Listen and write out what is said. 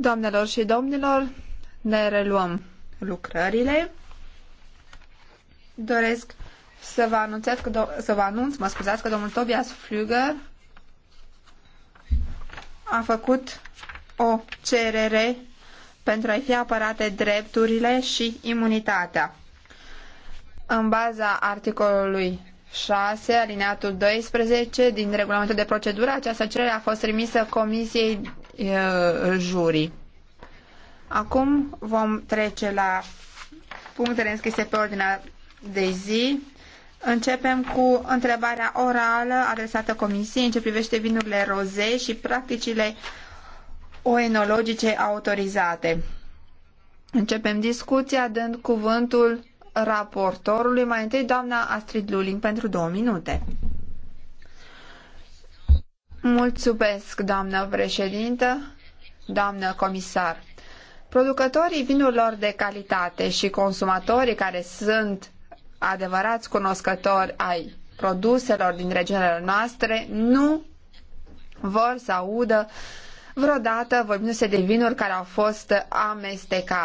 Doamnelor și domnilor, ne reluăm lucrările. Doresc să vă, anunțați că să vă anunț, mă scuzați, că domnul Tobias Flüger a făcut o cerere pentru a-i fi apărate drepturile și imunitatea. În baza articolului 6, alineatul 12 din regulamentul de procedură. Această cerere a fost trimisă Comisiei uh, Jurii. Acum vom trece la punctele înscrise pe ordinea de zi. Începem cu întrebarea orală adresată Comisiei în ce privește vinurile roze și practicile oenologice autorizate. Începem discuția dând cuvântul raportorului, mai întâi doamna Astrid Luling pentru două minute. Mulțumesc, doamnă președintă, doamnă comisar. Producătorii vinurilor de calitate și consumatorii care sunt adevărați cunoscători ai produselor din regiunile noastre nu vor să audă vreodată vorbindu-se de vinuri care au fost amestecate.